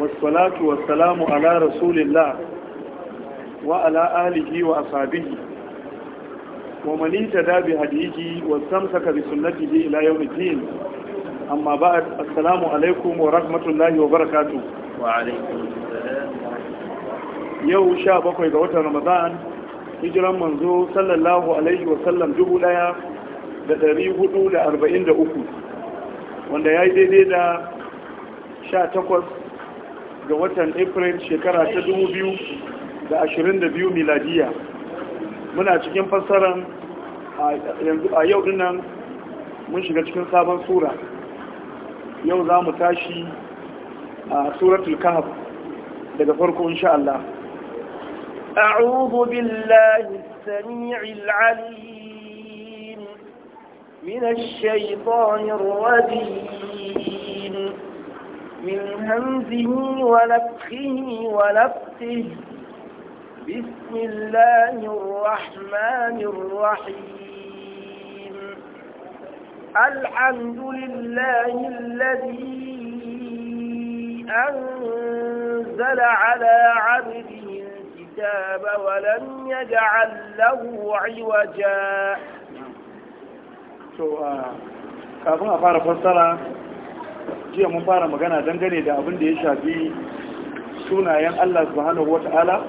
والصلاة والسلام على رسول الله وعلى آله وأصحابه ومن اهتدى بهديه واستمسك بسنته إلى يوم الدين أما بعد السلام عليكم ورحمة الله وبركاته وعليكم السلام يو شابك إذا رمضان هجرا منذ صلى الله عليه وسلم جبوا لها da 443 wanda ya yi daidai da 18 ga watan april shekara ta 2022 miladiya muna cikin fassarar a yau dinnan mun shiga cikin sabon sura yau za mu tashi a suratul kahf daga farko insha Allah a'udhu billahi as-sami'il 'alim rajim من همزه ونفخه ونفخه بسم الله الرحمن الرحيم الحمد لله الذي أنزل على عبده الكتاب ولم يجعل له عوجا. شو كافون أفعل فسرة jiya mun fara magana dangane da abin da ya shafi sunayen Allah subhanahu wata'ala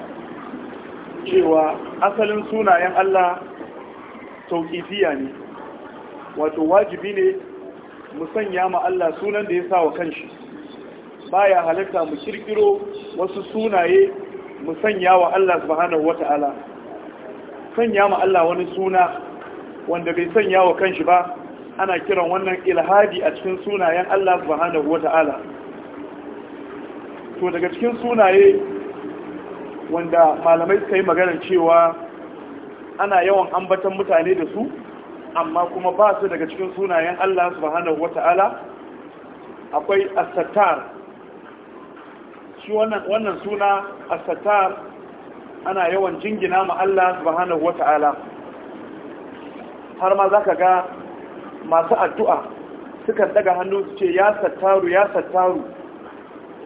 cewa asalin sunayen Allah tauƙifiya ne wato wajibi ne mu sanya ma Allah sunan da ya sa wa kanshi baya halatta mu kirkiro wasu sunaye mu sanya wa Allah subhanahu wata'ala sanya ma Allah wani suna wanda bai sanya wa kanshi ba ana kiran wannan ilhadi a cikin sunayen Allah subhanahu wata'ala to daga cikin sunaye wanda malamai suka yi magana cewa ana yawan ambatan mutane da su amma kuma ba su daga cikin sunayen Allah subhanahu wata'ala akwai asatar shi wannan suna asatar ana yawan jingina ma Allah subhanahu wata'ala har ma zaka ga masu addu'a sukan daga hannu su ce ya sattaru ya sattaru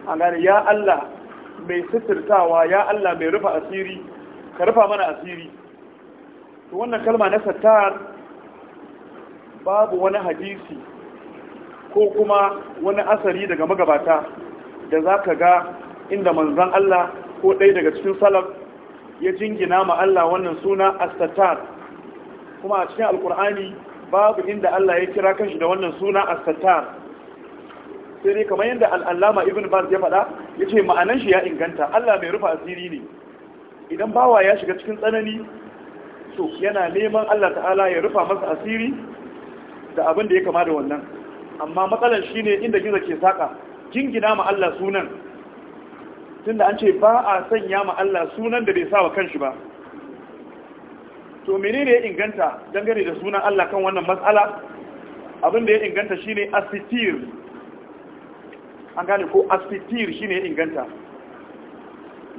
a gani ya Allah mai suturtawa ya Allah mai rufa asiri ka rufa mana asiri to wannan kalma na sattar babu wani hadisi ko kuma wani asari daga magabata da za ka ga inda manzan Allah ko ɗaya daga cikin salaf ya jingina ma Allah wannan suna astatar kuma a cikin alkur'ani babu inda Allah ya kira kanshi da wannan suna as-sattar sai dai kamar yadda al-allama ibn baz ya faɗa yace ma'anan shi ya inganta Allah mai rufa asiri ne idan bawa ya shiga cikin tsanani to yana neman Allah ta'ala ya rufa masa asiri da abin da ya kama da wannan amma matsalar shine inda gizo ke saka jingina ma Allah sunan tunda an ce ba a sanya ma Allah sunan da bai sa wa kanshi ba to menene ya inganta dangane da sunan Allah kan wannan matsala abin da ya inganta shine asitir an gane ko asitir shine ya inganta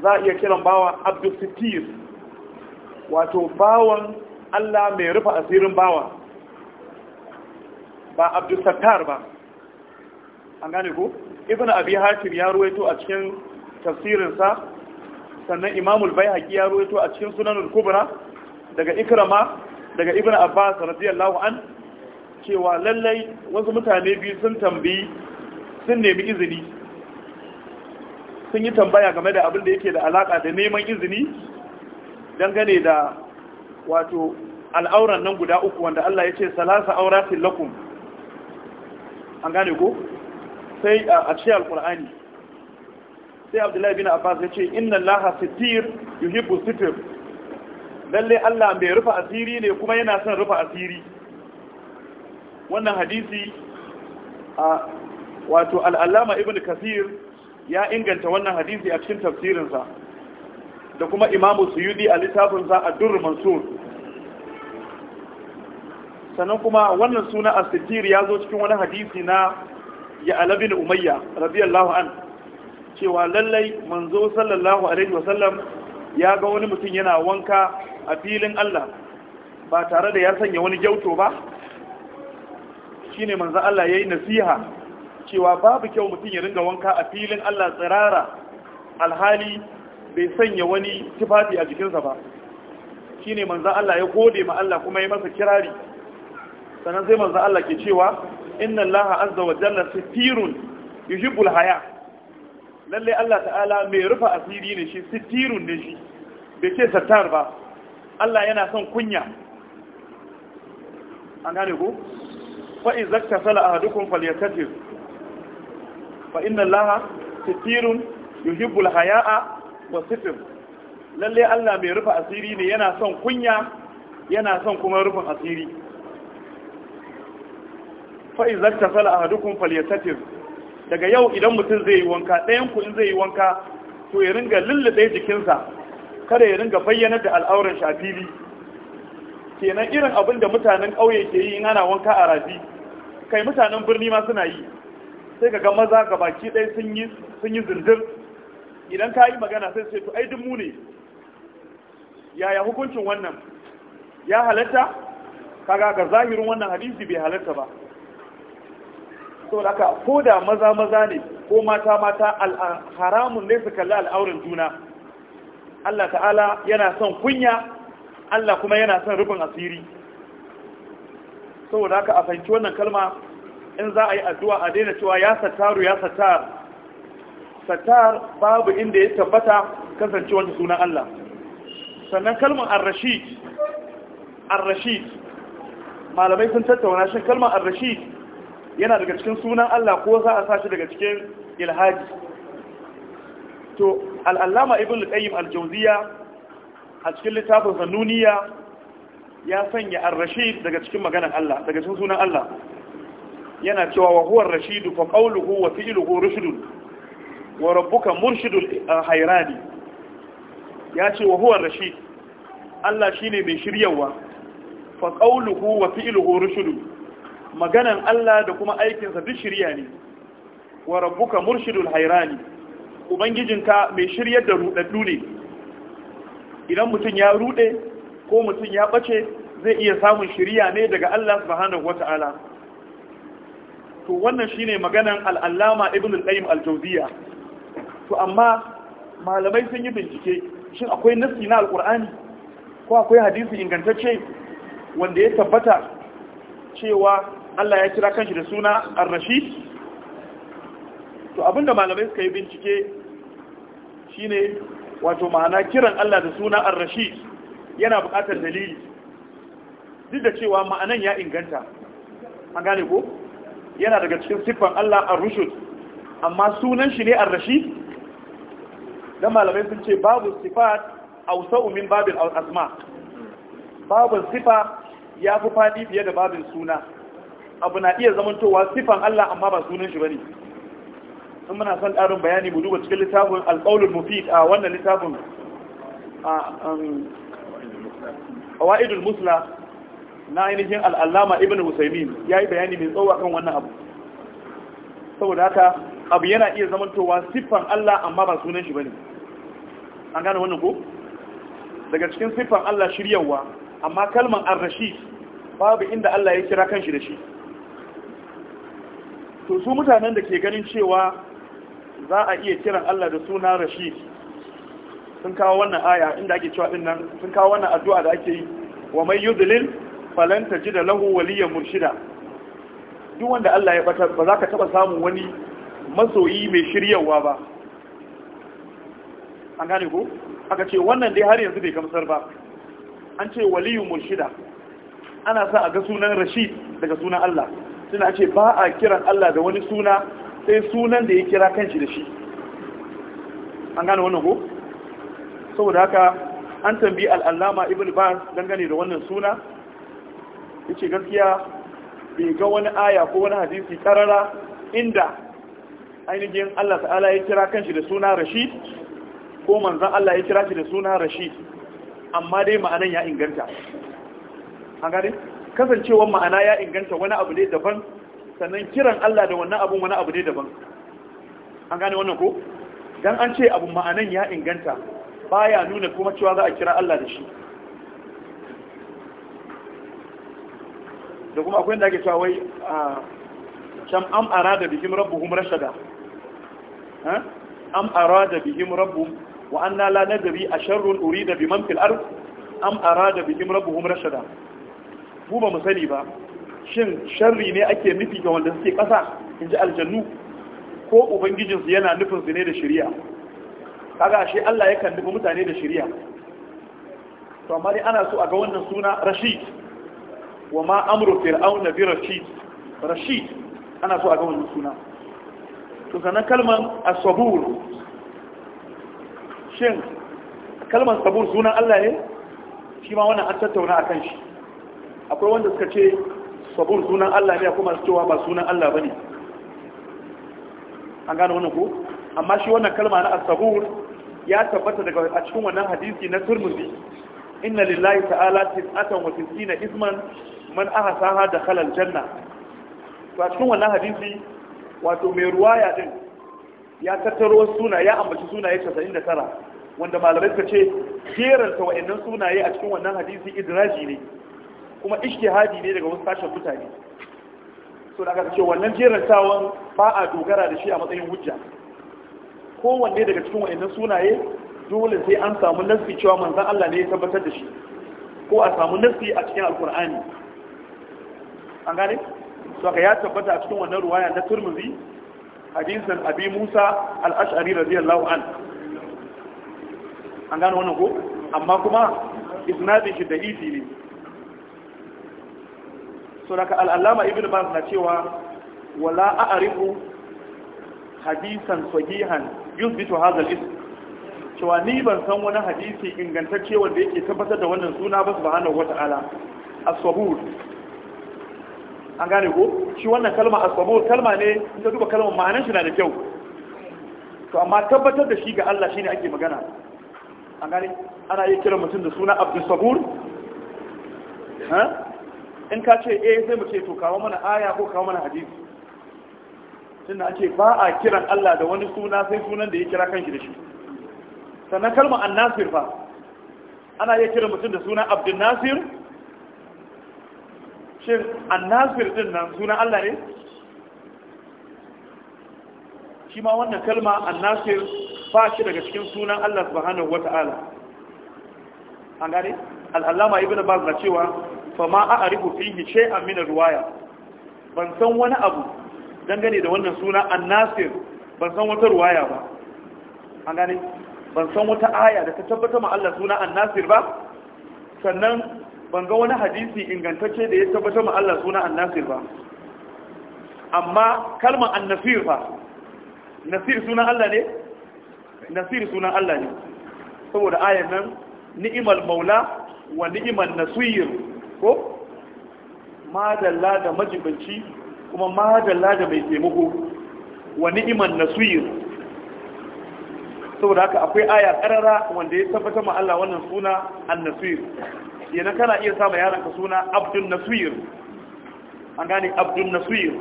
za a iya kiran bawa abdusitir wato bawan Allah mai rufe asirin bawa ba abdusattar ba an gane ko ibn abi hatim ya ruwaito a cikin tafsirinsa sannan imamul bai ya ruwaito a cikin sunanul kubra daga ikrama daga ibn abbas radiyallahu an cewa lallai wasu mutane biyu sun tambayi sun nemi izini sun yi tambaya game da abin da yake da alaka da neman izini dangane da wato al'auran nan guda uku wanda Allah ya ce salasa auratin lakum an gane ko sai a ce alkur'ani sai abdullahi bin abbas ya ce inna laha sitir yuhibbu sitir lalle Allah mai rufa asiri ne kuma yana son rufa asiri wannan hadisi a wato al'allama ibn kasir ya inganta wannan hadisi a cikin tafsirinsa da kuma imamu suyudi a littafinsa a durr mansur sannan kuma wannan suna asitir ya zo cikin wani hadisi na ya umayya radiyallahu an cewa lallai manzo sallallahu alaihi wasallam ya ga wani mutum yana wanka a filin Allah ba tare da ya sanya wani gyauto ba shine manzo Allah yayi nasiha cewa babu kyau mutum ya ringa wanka a filin Allah tsirara alhali bai sanya wani tufafi a jikinsa ba shine manzo Allah ya gode ma Allah kuma ya masa kirari sannan sai manzo Allah ke cewa inna Allah azza wa jalla sitirun yuhibbul haya lalle Allah ta'ala mai rufa asiri ne shi sitirun ne shi bai ce sattar ba Allah yana son kunya an gane ku fa'in zakta sala a hadukun falyatatir fa'in nan laha sitirun yuhibbul haya'a wa sitir lalle Allah mai rufe asiri ne yana son kunya yana son kuma rufin asiri fa'in zakta sala a hadukun falyatatir daga yau idan mutum zai yi wanka ɗayan ku in zai yi wanka to ya ringa lullube jikinsa kada ya ringa bayyana da al'auran shafili kenan irin abin da mutanen ƙauye ke yi in ana wanka a rafi kai mutanen birni ma suna yi sai ka ga maza ga baki ɗaya sun yi zindir idan ka yi magana sai sai to ai mu ne yaya hukuncin wannan ya halatta kaga ga zahirin wannan hadisi bai halatta ba saboda koda ko maza maza ne ko mata mata haramun ne su kalli al'auran juna Allah ta'ala yana son kunya Allah kuma yana son rufin asiri saboda haka a fahimci wannan kalma in za a yi addu'a a daina cewa ya sataru ya satar satar babu inda ya tabbata kasance wanda sunan Allah sannan kalmar ar-rashid ar-rashid malamai sun tattauna shi kalmar ar-rashid yana daga cikin sunan Allah ko za a sa shi daga cikin ilhaji to al'allama ibn al al jauziya a cikin littafin sanuniya ya sanya al rashid daga cikin maganar Allah daga cikin sunan Allah yana cewa wa huwa ar-rashid fa qawluhu wa fi'luhu rushdun wa rabbuka murshidul eh, hayrani ya ce wa huwa ar-rashid Allah shine mai shiryawa fa qawluhu wa fi'luhu rushdun maganan Allah da kuma aikinsa duk shirya ne wa rabbuka murshidul hayrani ubangijinka mai shiryar da rudaddu ne idan mutum ya rude ko mutum ya ɓace, zai iya samun shirya ne daga Allah subhanahu wata'ala to wannan shine maganan al ibn al-qayyim al-jawziya to amma malamai sun yi bincike shin akwai nassi na alqur'ani ko akwai hadisi ingantacce wanda ya tabbata cewa Allah ya kira kanshi da suna ar-rashid to abinda malamai suka yi bincike shine wato ma'ana kiran Allah da suna ar-rashid yana buƙatar dalili duk da cewa ma'anan ya inganta an gane ko yana daga cikin siffan Allah ar-rushd amma sunan shi ne ar-rashid dan malamai sun ce babu sifat sa'u min babil asma babu sifa ya fi faɗi fiye da babin suna abu na iya zamantowa siffan Allah amma ba sunan shi bane sun muna son ƙarin bayani mu duba cikin littafin alƙaulul mufid a wannan littafin um, qawaidul musla na ainihin al'allama ibn husaymin yi bayani mai tsawo kan wannan abu saboda haka abu yana iya zamantowa siffan Allah amma ba sunan shi bane an gane wannan ko daga cikin siffan Allah shiryawa amma kalman ar rashi babu inda Allah ya kira kanshi da shi to su mutanen da ke ganin cewa za a iya kiran Allah da suna rashid sun kawo wannan aya inda ake cewa nan sun kawo wannan addu'a da ake yi wa mai yudlil falan tajida lahu waliyan murshida duk wanda Allah ya bata ba za ka taba samun wani masoyi mai shiryawa ba an gane ko aka ce wannan dai har yanzu bai gamsar ba an ce waliyu murshida ana sa a ga sunan rashid daga sunan Allah suna ce ba a kiran Allah da wani suna sai sunan da ya kira shi da shi an gane wannan ko saboda haka an tambi al'allama ibn bas dangane da wannan suna Ya ce gaskiya bai ga wani aya ko wani hadisi karara inda ainihin Allah ta'ala ya kira shi da suna rashid ko manzan Allah ya kira shi da suna rashid amma dai ma'anan ya inganta an gane kasancewar ma'ana ya inganta wani abu ne daban sannan kiran Allah da wannan abun wani abu ne daban an gane wannan ko dan an ce abun ma'anan ya inganta baya nuna kuma cewa za a kira Allah da shi da kuma akwai da ake cewa wai sham am arada bihim rabbuhum rashada am arada bihim rabbuhum wa anna la nadri asharrun urida biman fil ard am arada bihim rabbuhum rashada mu ba mu sani ba shin sharri ne ake nufi ga wanda suke ƙasa in ji aljannu ko ubangijinsu yana nufin su ne da shirya kaga shi Allah yakan nufi mutane da shirya to amma dai ana so a ga wannan suna rashid wa ma amru fir'auna bi rashid rashid ana so a ga wannan suna to sanan kalman as-sabur shin kalman sabur sunan Allah ne shi ma wannan an tattauna akan shi akwai wanda suka ce sabon sunan Allah ne kuma cewa ba sunan Allah ba ne. an gano wannan ku? amma shi wannan kalma na as-sabur ya tabbata daga a cikin wannan hadisi na Tirmidhi inna lillahi ta'ala tis'atan wa tis'ina isman man ahsaha da al-janna to a cikin wannan hadisi wato mai ruwaya din ya tattaro suna ya ambaci sunaye tara, wanda malamai suka ce jeranta wa'annan sunaye a cikin wannan hadisi idraji ne kuma ishtihadi ne daga wasu sashen mutane so da aka ce wannan jerantawan ba a dogara da shi a matsayin hujja kowanne daga cikin wa'annan sunaye dole sai an samu nassi cewa manzan Allah ne ya tabbatar da shi ko a samu nassi a cikin alkur'ani an gane so ka ya tabbata a cikin wannan ruwaya na turmuzi hadisan abi musa al-ash'ari radiyallahu an an gane wannan ko amma kuma isnadin shi da ne so daga al'allama ibn bas na cewa wala a'rifu hadisan sahihan yuzbitu hadha al-ism cewa ni ban san wani hadisi ingantacce wanda yake tabbatar da wannan suna ba subhanahu wata'ala as-sabur an gane ko shi wannan kalma as-sabur kalma ne in ka duba kalmar ma'anar shi na da kyau to amma tabbatar da shi ga Allah shine ake magana an gane ana yi kiran mutum da suna abdus sabur ha in ka ce eh sai mu ce to kawo mana aya ko kawo mana hadisi da ake ba a kiran Allah da wani suna sai sunan da ya kira kanki da shi sannan kalmar annasir ba ana iya kira mutum da suna abdul nasir shin annasir din nan suna Allah ne shi ma wannan kalma annasir ba shi daga cikin sunan Allah subhanahu wata'ala an gane al'allama ibn baz na cewa fama a arifu fihi shay'an min ruwaya ban san wani abu dangane da wannan suna An-Nasir ban san wata ruwaya ba an gane ban san wata aya da ta tabbata ma Allah suna An-Nasir ba sannan ban ga wani hadisi ingantacce da ya tabbata ma Allah suna An-Nasir ba amma kalmar annasir fa nasir sunan Allah ne nasir sunan Allah ne saboda ayan nan ni'imal maula wa ni'imal nasir ko madalla da majibanci kuma madalla da mai taimako wa ni'iman nasir saboda haka akwai aya karara wanda ya tabbata ma Allah wannan suna an-nasir yana kana iya sa ma ka suna abdun nasir an gane abdun nasir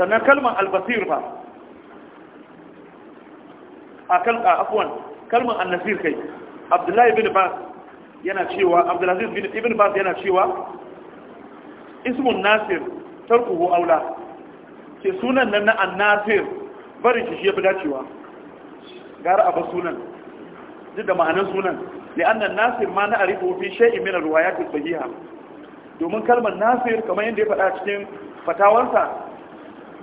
sannan kalmar albasir ba a kalmar afuwan kalmar an-nasir kai abdullahi bin ba yana cewa abdulaziz bin ibn bas yana cewa ismun nasir tarkuhu aula ce sunan nan na annasir barin shi ya fi dacewa gara a bar sunan duk da ma'anar sunan li'annan nasir ma na arifu fi shay'in min ar-riwayat as-sahiha domin kalmar nasir kamar yadda ya faɗa cikin fatawarsa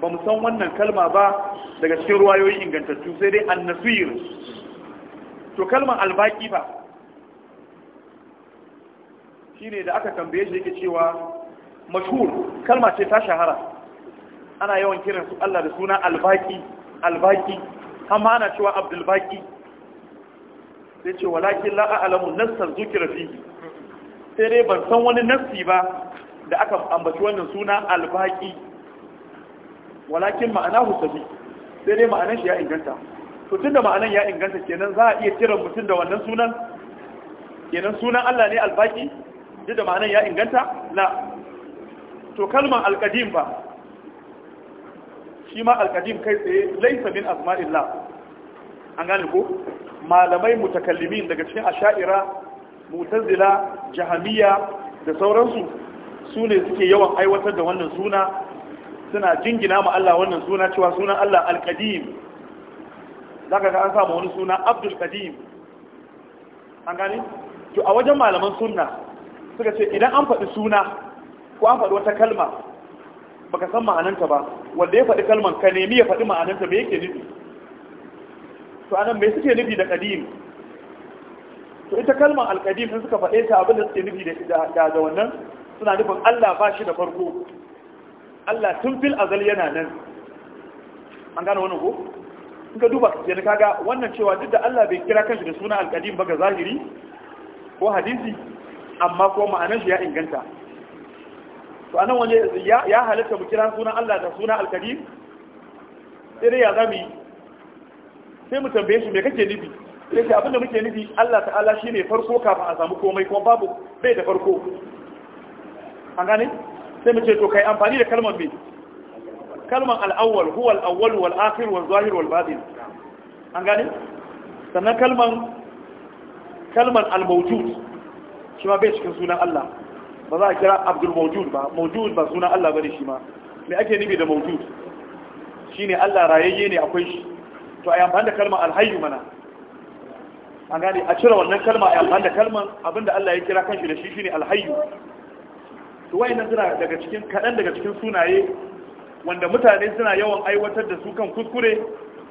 ba mu san wannan kalma ba daga cikin ruwayoyi ingantattu sai dai annasir to kalmar albaki ba shine da aka tambaye shi yake cewa mashhur kalma ce ta shahara ana yawan kiran su Allah da suna albaki albaki amma ana cewa Abdulbaki? baki sai ce walakin la a'lamu nassar zukira fihi sai dai ban san wani nassi ba da aka ambaci wannan suna albaki walakin ma'anahu sabi sai dai ma'anar shi ya inganta to tunda ma'anar ya inganta kenan za a iya kiran mutum da wannan sunan kenan sunan Allah ne albaki duk da ma'anar ya inganta la to kalmar alkadim ba shi ma alkadim kai tsaye laisa min asma'illah an gane ko malamai mutakallimin daga cikin asha'ira mutazila jahamiya da sauransu su ne suke yawan aiwatar da wannan suna suna jingina ma Allah wannan suna cewa sunan Allah alkadim zaka ga an samu wani suna abdul ƙadim? an gane to a wajen malaman sunna suka ce idan an faɗi suna ko an faɗi wata kalma baka san ma'ananta ba wanda ya faɗi kalman ka nemi ya faɗi ma'ananta me yake nufi to anan me suke nufi da qadim to ita kalman alqadim sun suka faɗe ta abin da suke nufi da da wannan suna nufin Allah ba shi da farko Allah tun fil azal yana nan an gane wannan ko in ka duba yanzu kaga wannan cewa duk da Allah bai kira kanshi da suna alqadim ba ga zahiri ko hadisi amma ko ma'anar shi ya inganta to anan waje ya halitta mu kira sunan Allah da sunan alkarim sai dai ya zami sai mu tambaye shi me kake nufi sai ce abinda muke nufi Allah ta'ala shi ne farko kafin a samu komai kuma babu bai da farko an gane sai mu ce to kai amfani da kalmar me kalmar al'awwal huwa al'awwal wal akhir wal zahir wal batin an gane sannan kalmar kalmar al-mawjud shi ma bai cikin sunan Allah ba za a kira abdul mawjud ba mawjud ba sunan Allah ba ne shi ma me ake nufi da mawjud ne Allah rayayye ne akwai shi to a amfani da kalmar alhayu mana an gane a cire wannan kalma a amfani da kalmar abinda Allah ya kira kanshi da shi ne alhayu. to nan suna daga cikin kadan daga cikin sunaye wanda mutane suna yawan aiwatar da su kan kuskure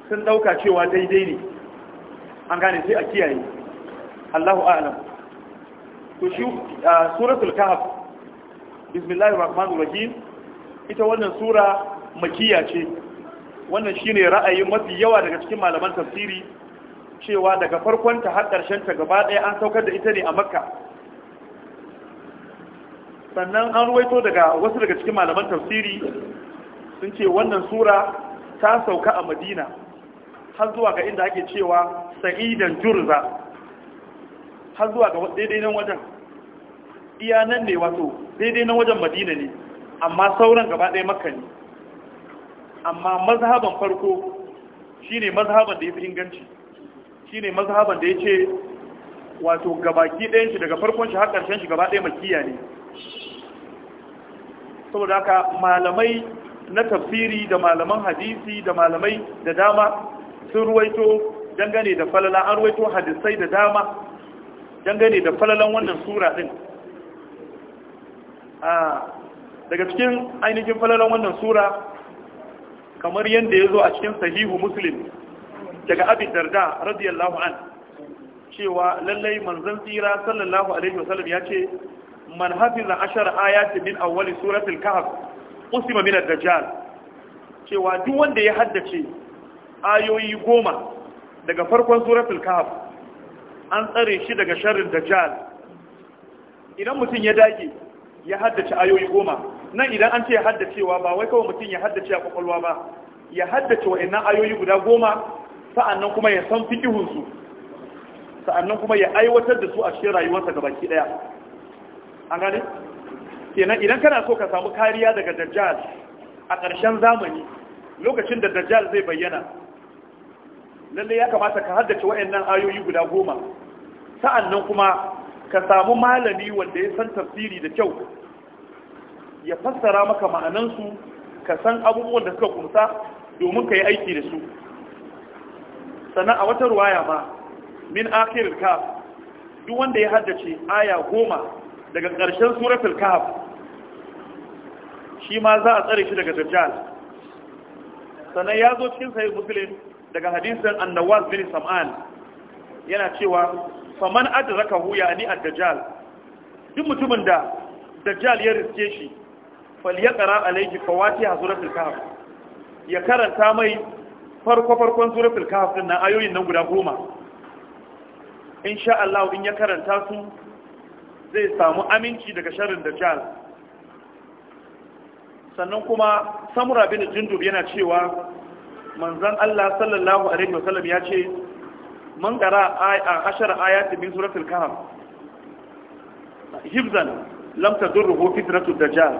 sun dauka cewa daidai ne an gane sai a kiyaye Allahu a'lam to shi suratul kahf bismillahir rahmanir ita wannan sura makiya ce wannan shine ra'ayin mafi yawa daga cikin malaman tafsiri cewa daga farkon ta har ƙarshen ta gaba ɗaya an saukar da ita ne a makka sannan an ruwaito daga wasu daga cikin malaman tafsiri sun ce wannan sura ta sauka a madina har zuwa ga inda ake cewa sa'idan jurza har zuwa ga daidai nan wajen iya nan ne wato daidai na wajen madina ne amma sauran gaba ɗaya makka ne amma mazhaban farko shine mazhaban da ya fi inganci shine mazhaban da ya ce wato gabaki ɗayan shi daga farkon shi har ƙarshen shi gaba ɗaya makiya ne saboda haka malamai na tafsiri da malaman hadisi da malamai da dama sun ruwaito dangane da falala an ruwaito hadisai da dama dangane da falalan wannan sura din daga cikin ainihin falalan wannan sura kamar yadda ya zo a cikin sahihu muslim daga abin darda radiyallahu an cewa lallai manzan tsira sallallahu alaihi wasallam ya ce man hafiza ashar ayati min awwali suratul kahf usima min ad-dajjal cewa duk wanda ya haddace ayoyi goma daga farkon suratul kahf an tsare shi daga sharrin dajjal idan mutum ya dage ya haddace ayoyi goma nan idan an ce ya haddacewa ba wai kawai mutum ya haddace a kwakwalwa ba ya haddace wa'annan ayoyi guda goma sa'annan kuma ya san fikihunsu sa'annan kuma ya aiwatar da su a cikin rayuwarsa ga baki ɗaya an gane kenan idan kana so ka samu kariya daga dajjal a ƙarshen zamani lokacin da dajjal zai bayyana lalle ya kamata ka haddace wa'annan ayoyi guda goma sa'annan kuma ka samu malami wanda ya san tafsiri da kyau ya fassara maka ma'anansu ka san abubuwan da suka kunsa domin ka yi aiki da su sannan a wata ruwaya ma min akirin kaf duk wanda ya haddace aya goma daga ƙarshen suratul kaf shi ma za a tsare shi daga dajjal sannan ya zo cikin sahih muslim daga hadisin annawas bin sam'an yana cewa faman adrakahu yani ad-dajjal duk mutumin da dajjal ya riske shi falyaqra alayhi fawatiha suratul kahf ya karanta mai farko farkon suratul kahf din nan ayoyin nan guda goma insha Allah in ya karanta su zai samu aminci daga sharrin dajjal sannan kuma samura bin jundub yana cewa manzon Allah sallallahu alaihi wasallam ya ce man qara a ashar ayat min suratul kahf hifzan lam tadurruhu fitnatud dajjal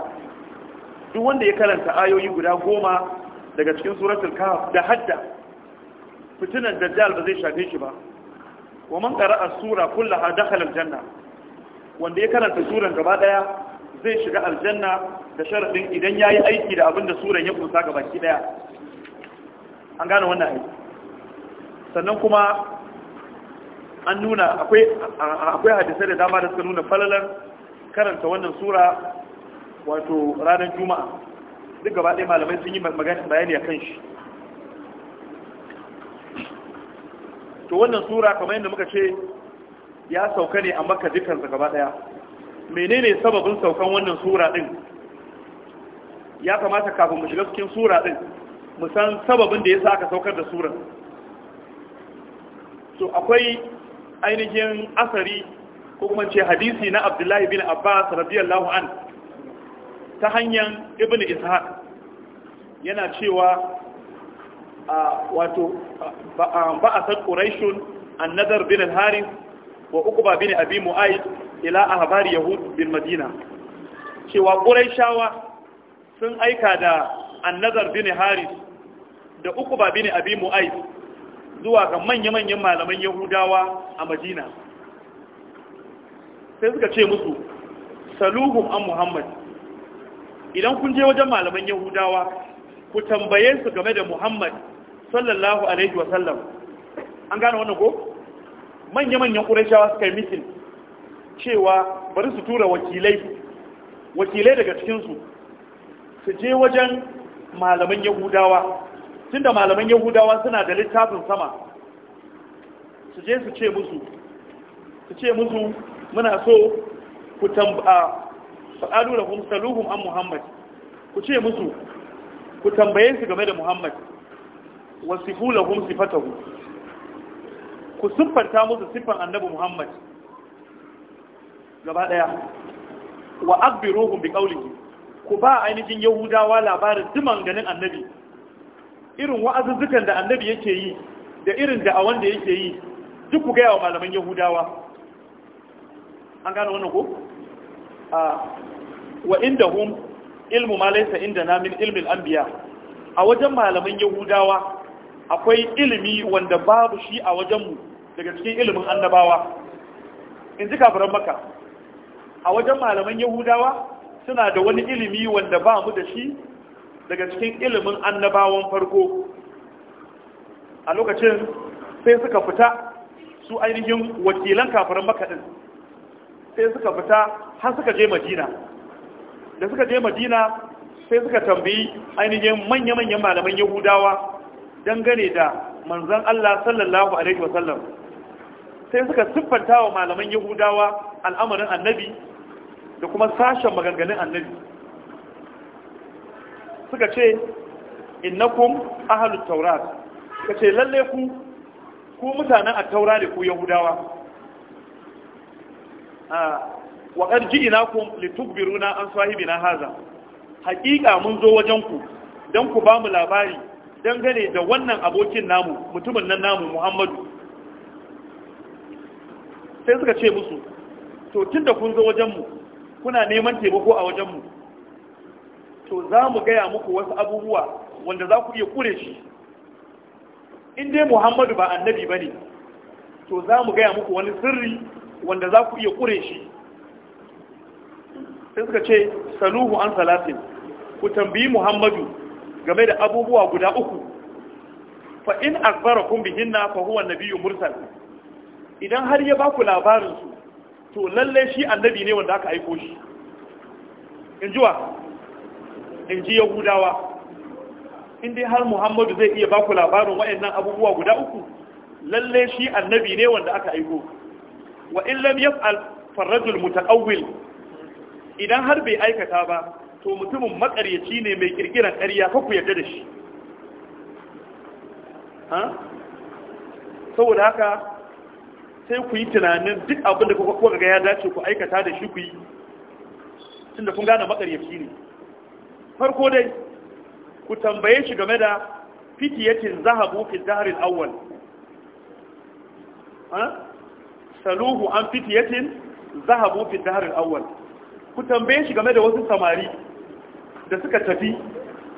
duk wanda ya karanta ayoyi guda goma daga cikin suratul kahf da hadda fitinan dajjal ba zai shafe shi ba wa man qara'a sura kullaha dakhala aljanna wanda ya karanta suran gabaɗaya, zai shiga aljanna da sharadin idan yayi aiki da abinda suran ya kunsa gaba ki an gane wannan aiki sannan kuma an nuna akwai hadisai da dama da suka nuna falalar karanta wannan sura wato ranar juma'a duk gaba ɗaya malamai sun yi bayani a kan shi to wannan sura kamar yadda muka ce ya sauka ne a maka dukansa gaba ɗaya menene sababin saukan wannan sura ɗin ya kamata kafin mu shiga cikin sura ɗin mu san sababin da ya sa aka saukar da suran. to akwai ainihin asari ko kuma ce hadisi na abdullahi bin abbas radiyallahu an ta hanyar ibn ishaq yana cewa wato ba a san an annadar bin al-haris wa uqba bin abi mu'ayyid ila ahbar yahud bin madina cewa quraishawa sun aika da annadar bin haris da uqba bin abi mu'ayyid zuwa ga manya-manyan malaman yahudawa a madina sai suka ce musu saluhun an muhammad idan kun je wajen malaman yahudawa ku tambaye su game da muhammad sallallahu alaihi wasallam an gane wannan ko manya-manyan ƙurashawa suka yi mitin cewa bari su tura wakilai wakilai daga cikinsu su je wajen malaman yahudawa tunda malaman yahudawa suna da littafin sama su je su ce musu su ce musu muna so ku tamba fa'alu lahum saluhum an muhammad ku ce musu ku tambaye su game da muhammad wasifu lahum sifatahu ku siffanta musu siffan annabi muhammad gaba daya wa akbiruhum bi qawlihi ku ba ainihin yahudawa labarin duman ganin annabi irin wa'azuzzukan da annabi yake yi da irin a wanda yake yi duk ku gaya wa malaman yahudawa an gano wannan ko wa inda hun ilmu ma laysa indana min ilmi a wajen malaman yahudawa akwai ilimi wanda babu shi a wajenmu daga cikin ilimin annabawa in ji kafiran maka a wajen malaman yahudawa suna da wani ilimi wanda ba mu da shi daga cikin ilimin annabawan farko a lokacin sai suka fita su ainihin wakilan kafirin makaɗin sai suka fita har suka je madina da suka je madina sai suka tambayi ainihin manya-manyan malaman yahudawa dangane da manzan Allah sallallahu alaihi wasallam sai suka siffanta wa malaman yahudawa al'amarin annabi da kuma sashen maganganun annabi suka ce innakum ahlut tawrat suka ce lalle ku ku mutanen at-taura ne ku yahudawa a ah, wa qad ji'nakum litukbiruna an sahibina haza haqiqa mun zo wajen ku dan ku ba mu labari dangane da wannan abokin namu mutumin nan namu Muhammadu sai suka ce musu to tunda kun zo wajen mu kuna neman taimako a wajen mu to za mu gaya muku wasu abubuwa wanda za ku iya kure shi in dai muhammadu ba annabi ba ne to za mu gaya muku wani sirri wanda za ku iya kure shi sai suka ce saluhu an salatin ku tambayi muhammadu game da abubuwa guda uku fa in kun bihinna fa huwa nabiyyu mursal idan har ya baku labarin su to lalle shi annabi ne wanda aka aiko shi in in ji yahudawa in dai har muhammadu zai iya baku labarin waɗannan abubuwa guda uku lalle shi annabi ne wanda aka aiko wa in lam yaf'al farajul mutaqawwil idan har bai aikata ba to mutumin makaryaci ne mai kirkiran ƙarya ko ku yarda da shi ha saboda haka sai ku yi tunanin duk abin da kuka ga ya dace ku aikata da shi ku yi tunda kun gane makaryaci ne farko dai ku tambaye shi game da fitiyatin zahabu fi zaharil awwal saluhu an fitiyatin zahabu fi zaharil awwal ku tambaye shi game da wasu samari da suka tafi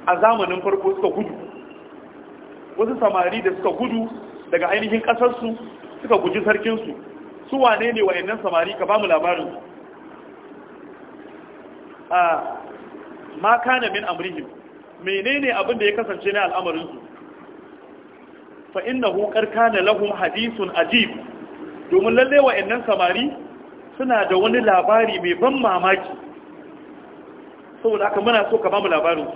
a zamanin farko suka gudu wasu samari da suka gudu daga ainihin kasarsu suka guji sarkinsu su wane ne wayannan samari ka ba mu labarin ma kana min amrihim menene abin da ya kasance na al'amarin su fa innahu qad kana lahum hadithun ajib domin lalle innan samari suna da wani labari mai ban mamaki saboda haka muna so ka bamu mu labarin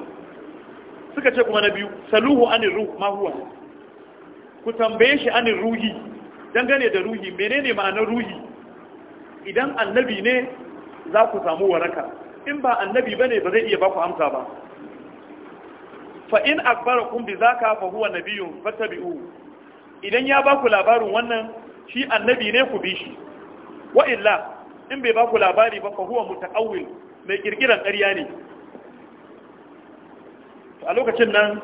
suka ce kuma na biyu saluhu anir ruh ma ku tambaye shi anin ruhi dangane da ruhi menene ma'anar ruhi idan annabi ne za ku samu waraka in ba annabi bane ba zai iya ba ku amsa ba fa in kun bi zaka fa huwa nabiyun fatabi'u idan ya ba ku labarin wannan shi annabi ne ku bi shi wa illa in bai ba ku labari ba fa huwa mutaawil mai kirkiran ƙarya ne a lokacin nan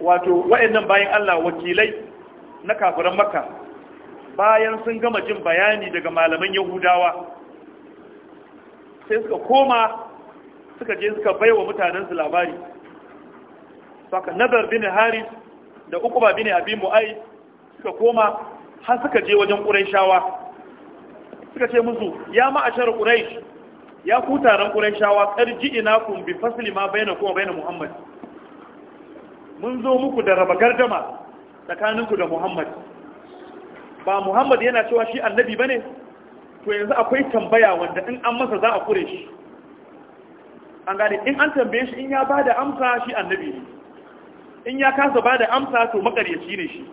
wato wa'annan bayan Allah wakilai na kafiran makka bayan sun gama jin bayani daga malaman yahudawa sai suka koma suka je suka baiwa mutanensu labari saka nazar bin haris da ukuba bin abi mu'ai suka koma har suka je wajen quraishawa suka ce musu ya ma'ashar quraish ya ku taron quraishawa kun bi fasli ma bainakum wa bain muhammad mun zo muku da raba gardama tsakaninku da muhammad ba muhammad yana cewa shi annabi bane to yanzu akwai tambaya wanda in an masa za a kure shi an gane in an tambaye shi in ya ba da amsa shi annabi ne in ya kasa ba da amsa to makaryaci ne shi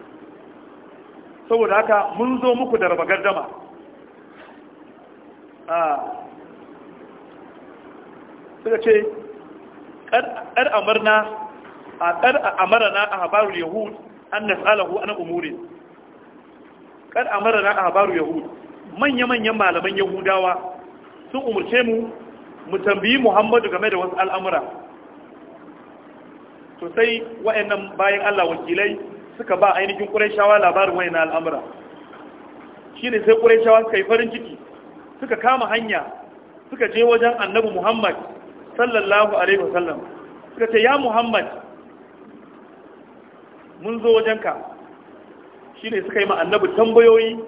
saboda haka mun zo muku da raba gardama suka ce ƙar amarna a ƙar amarana a habarul yahud an nas'alahu an umurin ƙar amarana a habarul yahud manya-manyan malaman yahudawa sun umarce mu mu tambayi muhammadu game da wasu al'amura to sai wa'annan bayan allah wakilai suka ba ainihin ƙuraishawa labarin wa'annan al'amura shi ne sai ƙuraishawa suka yi farin ciki suka kama hanya suka je wajen annabi muhammad sallallahu alaihi wasallam suka ce ya muhammad mun zo wajenka shi ne suka yi ma annabi tambayoyi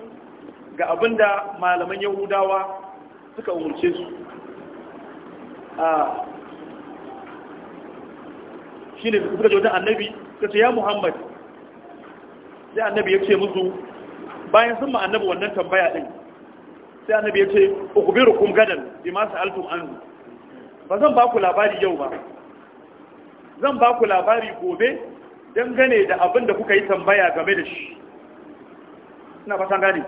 ga abinda malaman yahudawa suka umarce su a shi ne suka jauta annabi ka ce ya muhammad sai annabi ya ce musu bayan sun ma'annabi wannan tambaya ɗin sai annabi ya ce rukun gadon, bi ma sa'altum anhu ba zan ba ku labari yau ba zan ba ku labari gobe dangane da abin da kuka yi tambaya game da shi suna fasa gane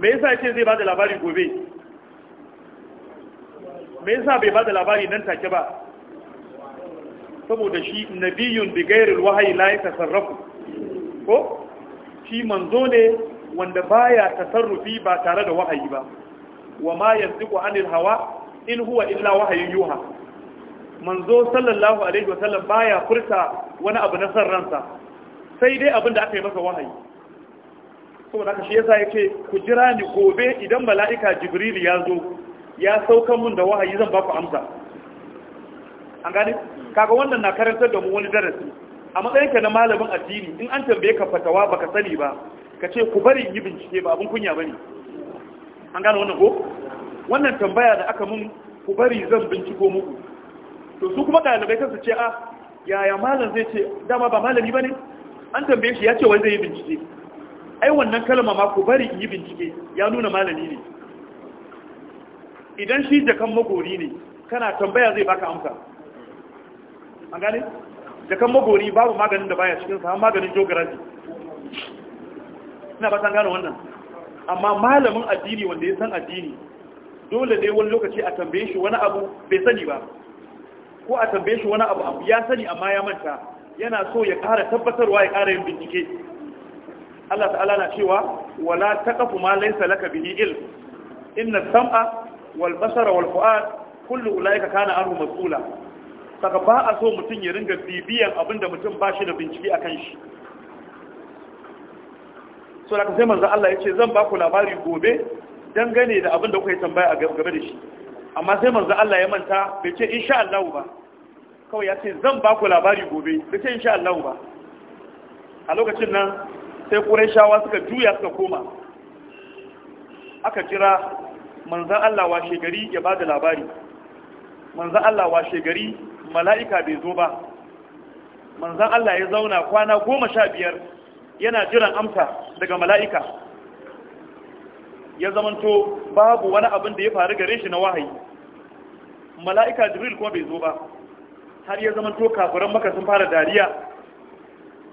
me yasa yake zai bada labari gobe me yasa bai ba da labari nan take ba saboda shi nabiyun bi wahayi wahyi la yatasarrafu ko shi manzo ne wanda baya tasarrufi ba tare da wahayi ba wa ma yantiqu anil hawa in huwa illa wahayi yuha manzo sallallahu alaihi wa sallam baya furta wani abu na san ransa sai dai abinda aka yi masa wahayi saboda haka shi yasa yake ku jira ni gobe idan mala'ika jibril ya zo ya sauka mun da wahayi zan ba ku amsa an gane kaga wannan na karantar da mu wani darasi a matsayin ka na malamin addini in an tambaye ka fatawa baka sani ba ka ce ku bari yi bincike ba abin kunya bane an gane wannan ko wannan tambaya da aka mun ku bari zan binciko muku to su kuma ɗalibai kan su ce a ah, yaya malam zai ce dama ba malami bane an tambaye shi ya ce wai zai yi bincike ai wannan kalma ma ku bari in yi bincike ya nuna malami ne idan shi jakan magori ne kana tambaya zai baka amsa an gane jakan magori babu maganin da baya cikin sa maganin geography ina ba san gane wannan amma malamin addini wanda ya san addini dole ne wani lokaci a tambaye shi wani abu bai sani ba ko a tambaye shi wani abu ya sani amma ya manta yana so ya kara tabbatarwa ya kara yin bincike Allah ta'ala na cewa wala taqafu ma laysa laka bihi ilm inna sam'a wal basara wal fu'ad kullu ulaika kana anhu mas'ula saka ba a so mutum ya ringa bibiyan abinda mutum ba shi da bincike akan shi so da sai manzo Allah ya ce zan ba ku labari gobe dangane da abinda kuka yi tambaya a gaba da shi amma sai manzo Allah ya manta bai ce insha Allah ba kawai ya zan ba ku labari gobe bai ce insha Allah ba a lokacin nan sai shawa suka juya suka koma aka kira manzan Allah washe gari ya ba da labari manzan Allah washe gari mala'ika bai zo ba manzan Allah ya zauna kwana goma sha biyar yana jiran amsa daga mala'ika ya zamanto babu wani abin da ya faru gare shi na wahayi mala'ika jibril kuma bai zo ba har ya zamanto kafuran maka sun fara dariya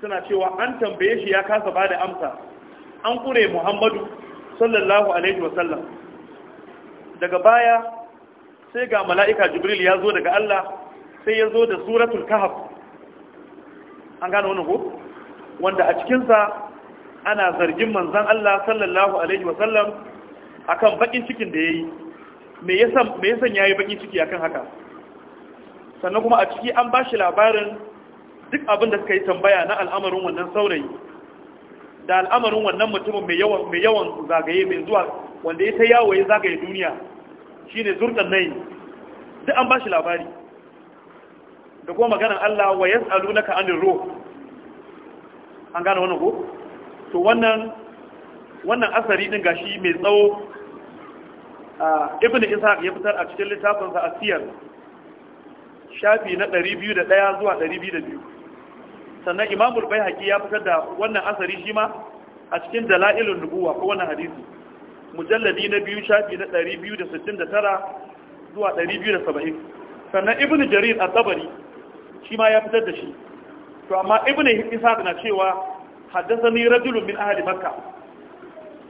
suna cewa an tambaye shi ya kasa ba da amsa an kure muhammadu sallallahu alaihi wasallam daga baya sai ga mala'ika jibril ya zo daga allah sai ya zo da suratul Kahab, an gano wani ko wanda a cikinsa ana zargin manzan allah sallallahu alaihi wasallam akan bakin cikin da ya yi me yasan ya yi bakin ciki akan haka sannan kuma a ciki an ba shi labarin duk abin da suka yi tambaya na al'amarin wannan saurayi da al'amarin wannan mutumin mai yawan mai yawan zagaye mai zuwa wanda ya ta yawo ya zagaye duniya shine zurdan nayi duk an bashi labari da kuma maganar Allah wa yas'alunaka anir ruh an gane wannan ko to wannan wannan asari din gashi mai tsawo A ibn ishaq ya fitar a cikin littafinsa asiyar shafi na 201 zuwa 202 sannan imamul bai ya fitar da wannan asari shi ma a cikin dala'ilun nubuwa ko wannan hadisi mujalladi na biyu shafi na 269 zuwa 270 sannan ibn jarir a tabari shi ma ya fitar da shi to amma ibn isa na cewa haddasa ni rajulun min ahli makka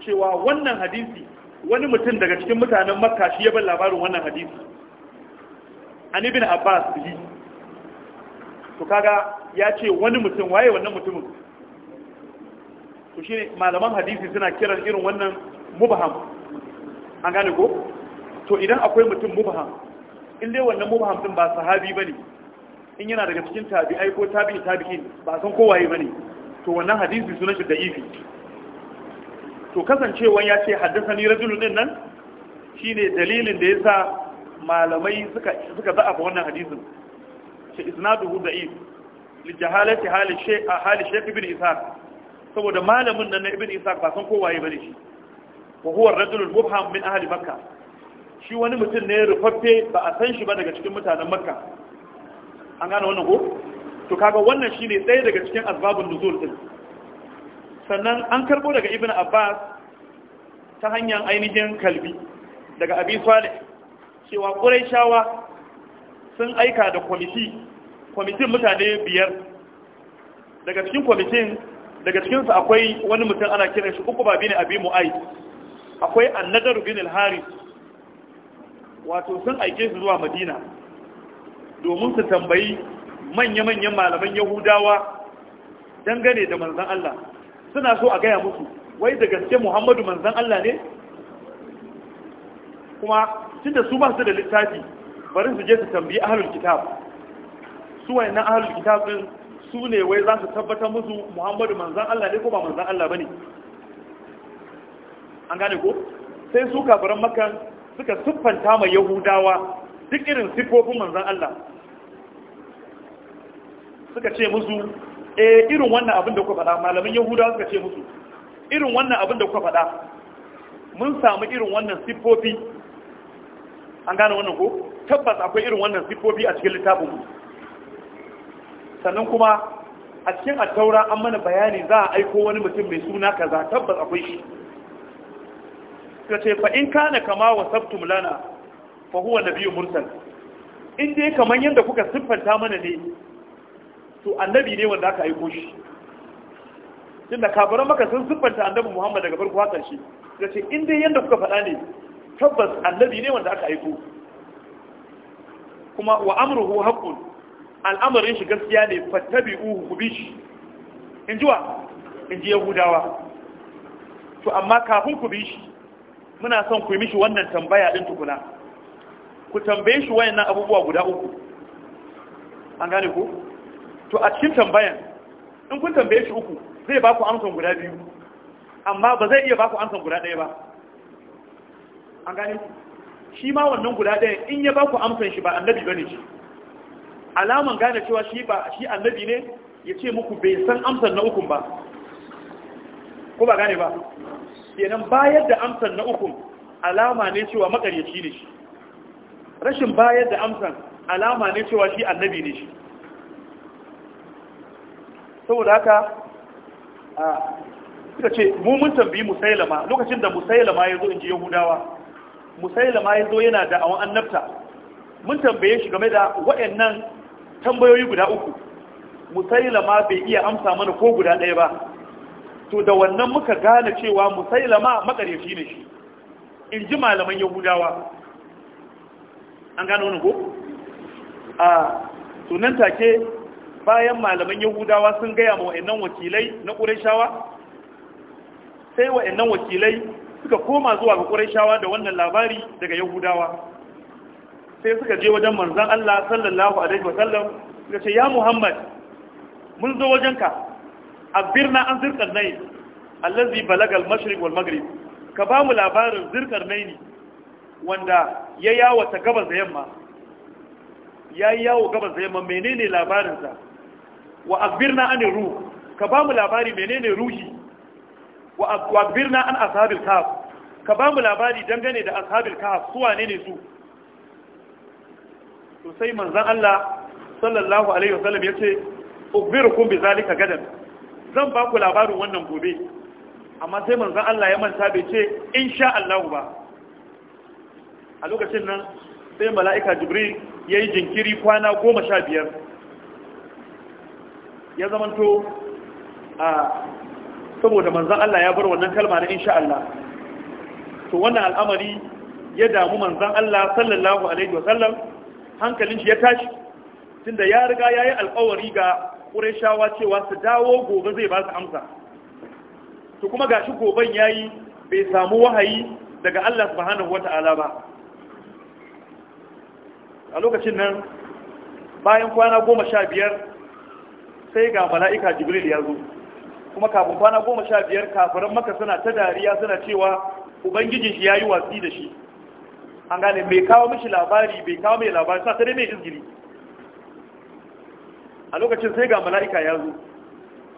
cewa wannan hadisi wani mutum daga cikin mutanen makka shi ya bar labarin wannan hadisi an ibn abbas bihi to kaga ya ce wani mutum waye wannan mutumin to shi malaman hadisi suna kiran irin wannan mubaham an gane ko to idan akwai mutum mubaham in dai wannan mubaham din ba sahabi bane in yana daga cikin tabi'ai ko tabi'i tabi'in ba san kowaye bane to wannan hadisi suna shi da ifi to kasancewan ya ce haddasani rajulun din nan shine dalilin da yasa malamai suka suka za'afa wannan hadisin shi isnaduhu da'if lijahalati hali shek a hali shek ibn ishaq saboda malamin nan na ibn ishaq ba san kowaye bane shi wa huwa rajulul mubham min ahli makka shi wani mutum ne rufaffe ba a san shi ba daga cikin mutanen makka an gane wannan ko to kaga wannan shine ɗaya daga cikin azbabun nuzul din sannan an karbo daga ibn abbas ta hanyar ainihin kalbi daga abi salih cewa quraishawa sun aika da kwamiti kwamitin mutane biyar daga cikin kwamitin daga cikinsu akwai wani mutum ana kiran shi uku babi ne abi mu'ai akwai annadaru bin al-haris wato sun aike su zuwa madina domin su tambayi manya-manyan malaman yahudawa dangane da manzan Allah suna so a gaya musu wai da gaske muhammadu manzan Allah ne kuma tunda su ba su da littafi bari su je su tambayi ahalul kitab su na ahlul kitab din su ne wai za su tabbatar musu Muhammadu manzan Allah ne ko ba manzan Allah bane an gane ko sai su kafiran makan suka siffanta ma yahudawa duk irin sifofin manzan Allah suka ce musu eh irin wannan abin da kuka faɗa malamin yahudawa suka ce musu irin wannan abin da kuka faɗa mun samu irin wannan siffofi an gane wannan ko tabbas akwai irin wannan siffofi a cikin littafin sannan kuma a cikin attaura an mana bayani za a aiko wani mutum mai suna kaza tabbas akwai shi ka ce fa in kana kama wa sabtum lana fa huwa nabiyyu mursal in dai kaman yanda kuka siffanta mana ne to annabi ne wanda aka aiko shi tunda kafiran maka sun siffanta annabi Muhammad daga farko hakan shi ka ce in dai yanda kuka faɗa ne tabbas annabi ne wanda aka aiko kuma wa amruhu haqqun al'amarin shi gaskiya ne fattabi ku bi shi in ji wa in ji yahudawa to amma kafin ku bi shi muna son ku yi mishi wannan tambaya din tukuna ku tambaye shi wayannan abubuwa guda uku an gane ku to a cikin tambayan in kun tambaye shi uku zai ba ku amsan guda biyu amma ba zai iya ba ku amsan guda ɗaya ba an gane ku shi ma wannan guda ɗaya in ya ba ku amsan shi ba annabi bane shi alaman gane cewa shi ba shi annabi ne ya ce muku bai san amsar na ukun ba ko ba gane ba kenan bayar da amsar na ukun alama ne cewa makaryaci ne shi rashin bayar da amsar alama ne cewa shi annabi ne shi saboda haka suka ce mu mun tambayi musailama lokacin da musailama ya zo inji yahudawa musailama ya zo yana da awon annabta mun tambaye shi game da waɗannan tambayoyi guda uku musailama bai iya amsa mana ko guda ɗaya ba to da wannan muka gane cewa musailama makaryaci ne shi in ji malaman yahudawa an gano wani ko? a sunan take bayan malaman yahudawa sun gaya ma wa'annan wakilai na ƙurashawa sai wa'annan wakilai suka koma zuwa ga ƙurashawa da wannan labari daga yahudawa sai suka je wajen manzan Allah sallallahu alaihi wasallam suka ce ya Muhammad mun zo wajenka birna an zirkar nai allazi balagal mashriq wal maghrib ka ba mu labarin zirkar nai ne wanda ya yawo ta gabas da yamma ya yawo gabas da yamma menene labarin sa wa birna an ruh ka ba mu labari menene ruhi wa birna an ashabil Kaf? ka ba mu labari dangane da ashabil Kaf? su wane ne su to sai manzan Allah sallallahu alaihi wasallam ya ce ukhbirukum bi zalika gadan zan ba ku labarin wannan gobe amma sai manzan Allah ya manta bai ce insha Allah ba a lokacin nan sai mala'ika jibril ya yi jinkiri kwana goma sha biyar ya zamanto a saboda manzan Allah ya bar wannan kalma na insha Allah to wannan al'amari ya damu manzan Allah sallallahu alaihi wasallam hankalin shi ya tashi tunda ya riga ya yi alkawari ga ƙureshawa cewa su dawo gobe zai ba su amsa to kuma gashi goben ya yi bai samu wahayi daga Allah subhanahu wata'ala ba a lokacin nan bayan kwana goma sha biyar sai ga mala'ika jibril ya zo kuma kafin kwana goma sha biyar kafiran maka suna ta dariya suna cewa ubangijin shi ya yi watsi da shi an gane mai kawo mishi labari bai kawo mai labari sa sai mai izgiri a lokacin sai ga mala'ika ya zo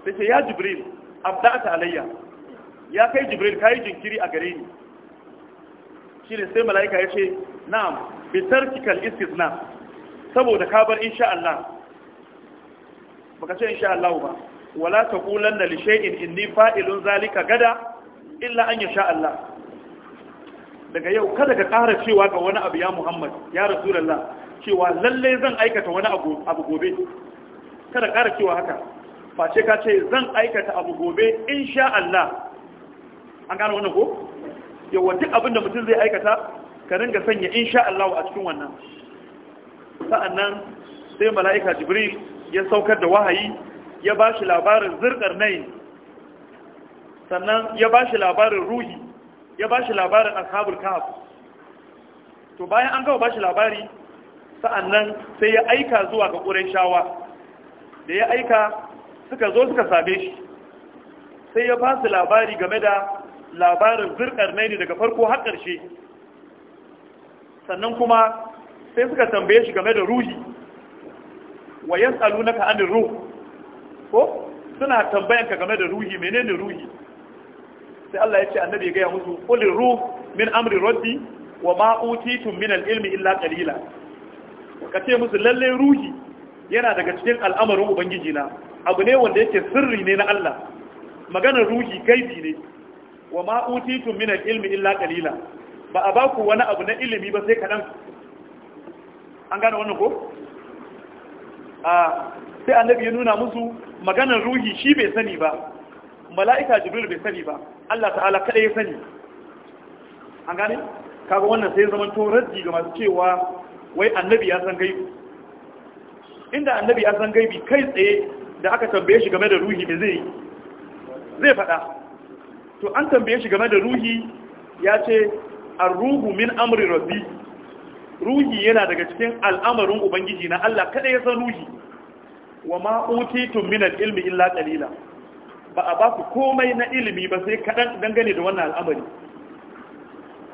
sai ce ya jibril abda'ata alayya ya kai jibril kai jinkiri a gare ni ne sai mala'ika ya ce na'am bi tarkikal istisna saboda ka bar insha Allah baka ce insha Allah ba wala taqulanna li shay'in inni fa'ilun zalika gada illa an yasha Allah daga yau kada ka ƙara cewa ga wani abu ya muhammad ya rasulallah cewa lalle zan aikata wani abu gobe kada ƙara cewa haka face ka ce zan aikata abu gobe insha Allah an gano wannan ko yawa duk abin da mutum zai aikata ka ringa sanya insha Allah a cikin wannan sa'annan sai mala'ika jibril ya saukar da wahayi ya ba shi labarin zirkar nayi sannan ya ba shi labarin ruhi ya ba shi labarin ashabul kahf to bayan an gama ba shi labari sa'annan sai ya aika zuwa ga shawa da ya aika suka zo suka same shi sai ya ba su labari game da labarin zirkar ni daga farko har ƙarshe sannan kuma sai suka tambaye shi game da ruhi wa yas'alunaka anir ruh ko suna tambayanka game da ruhi menene ruhi sai Allah ya ce annabi ya gaya musu kulir ruh min amri raddi wa ma utitu min al-ilmi illa qalila ka ce musu lalle ruhi yana daga cikin al'amarin ubangiji na abu ne wanda yake sirri ne na Allah maganar ruhi gaibi ne wa ma utitu min al-ilmi illa qalila ba a baku wani abu na ilimi ba sai kadan an gane wannan ko a ah, sai annabi ya nuna musu maganar ruhi shi bai sani ba mala'ika jibril bai sani ba Allah ta'ala kada ya sani an gane kaga wannan sai zaman to ga masu cewa wai annabi ya san gaibi inda annabi ya san gaibi kai tsaye da aka tambaye shi game da ruhi da zai zai faɗa to an tambaye shi game da ruhi ya ce ar-ruhu min amri rabbi ruhi yana daga cikin al'amarin ubangiji na Allah kada ya san ruhi wa ma utitum min al-ilmi illa qalila ba a ba komai na ilimi ba sai kaɗan dangane da wannan al'amari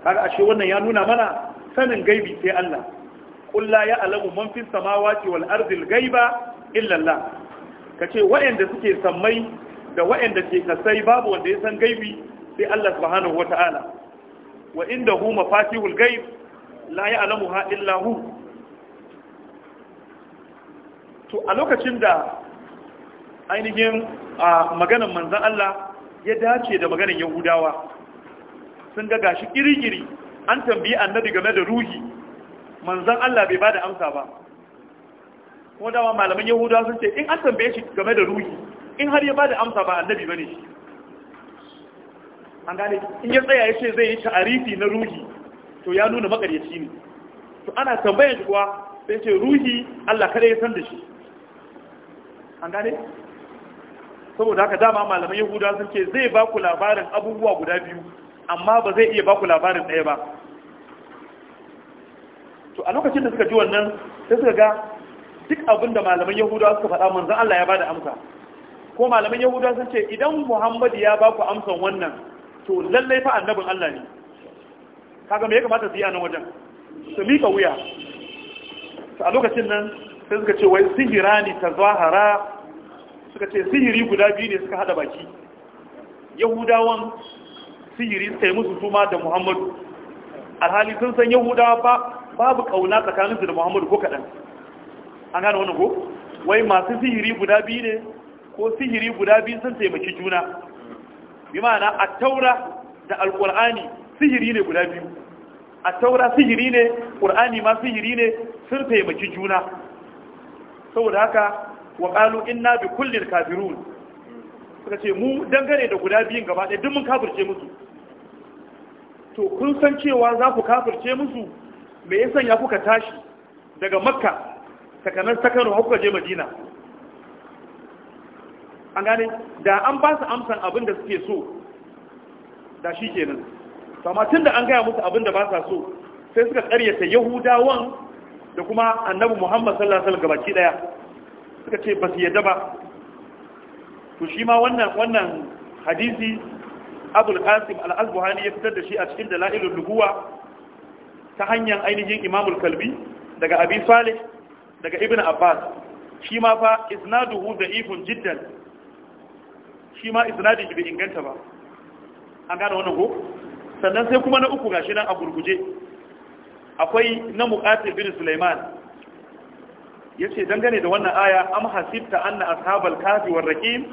kaga ashe wannan ya nuna mana sanin gaibi sai Allah qul la ya'lamu man fis samawati wal ardi al illa Allah kace waɗanda suke sammai da waɗanda ke kasai babu wanda ya san gaibi sai Allah subhanahu wata'ala wa indahu mafatihul ghaib la ya'lamuha illa hu to a lokacin da ainihin a maganan manzan Allah ya dace da maganan yahudawa sun ga gashi kirigiri an tambayi annabi game da ruhi manzan Allah bai bada amsa ba kuma dama malaman yahudawa sun ce in an tambaye shi game da ruhi in har ya bada amsa ba annabi bane shi an gane in ya tsaya ya ce zai yi ta'arifi na ruhi to ya nuna makaryaci ne to ana tambayar kuwa sai ce ruhi Allah kada ya san da shi an gane saboda haka dama malaman yahuda sun ce zai ba ku labarin abubuwa guda biyu amma ba zai iya ba ku labarin ɗaya ba to a lokacin da suka ji wannan sai suka ga duk abin da malaman yahuda suka faɗa manzan Allah ya bada amsa ko malaman yahuda sun ce idan Muhammad ya ba ku amsan wannan to lallai fa annabin Allah ne kaga me ya kamata su yi a nan wajen su mika wuya a lokacin nan sai suka ce wai sihirani ta zahara suka ce sihiri guda biyu ne suka hada baki yahudawan sihiri suka yi musu suma da muhammadu alhali sun san yahudawa ba babu kauna tsakaninsu da muhammadu ko kaɗan an gane wani ko wai masu sihiri guda biyu ne ko sihiri guda biyu sun taimaki juna bi ma'ana a taura da alƙur'ani sihiri ne guda biyu a taura sihiri ne ƙur'ani ma sihiri ne sun taimaki juna saboda haka wa qalu inna bi kullin kafirun suka ce mu dangane da guda biyun gaba ɗaya duk mun kafirce musu to kun san cewa za ku kafirce musu me ya sanya kuka tashi daga makka takanar sakano har kuka je madina an gane da an ba su amsan abin da suke so da shi kenan amma da an gaya musu abin da ba sa so sai suka karyata yahudawan da kuma annabi muhammad sallallahu alaihi wasallam gabaki daya suka ce ba su yadda ba to shi ma wannan hadisi abul qasim al-azbuhani ya fitar da shi a cikin dalailul nubuwa ta hanyar ainihin imamul kalbi daga abi salih daga ibn abbas shi ma fa isnaduhu da'ifun jiddan shi ma isnadin bai inganta ba an gane wannan ko sannan sai kuma na uku gashi nan a gurguje akwai na muqatil bin sulaiman yace dangane da wannan aya am hasibta anna ashabal kafi war raqim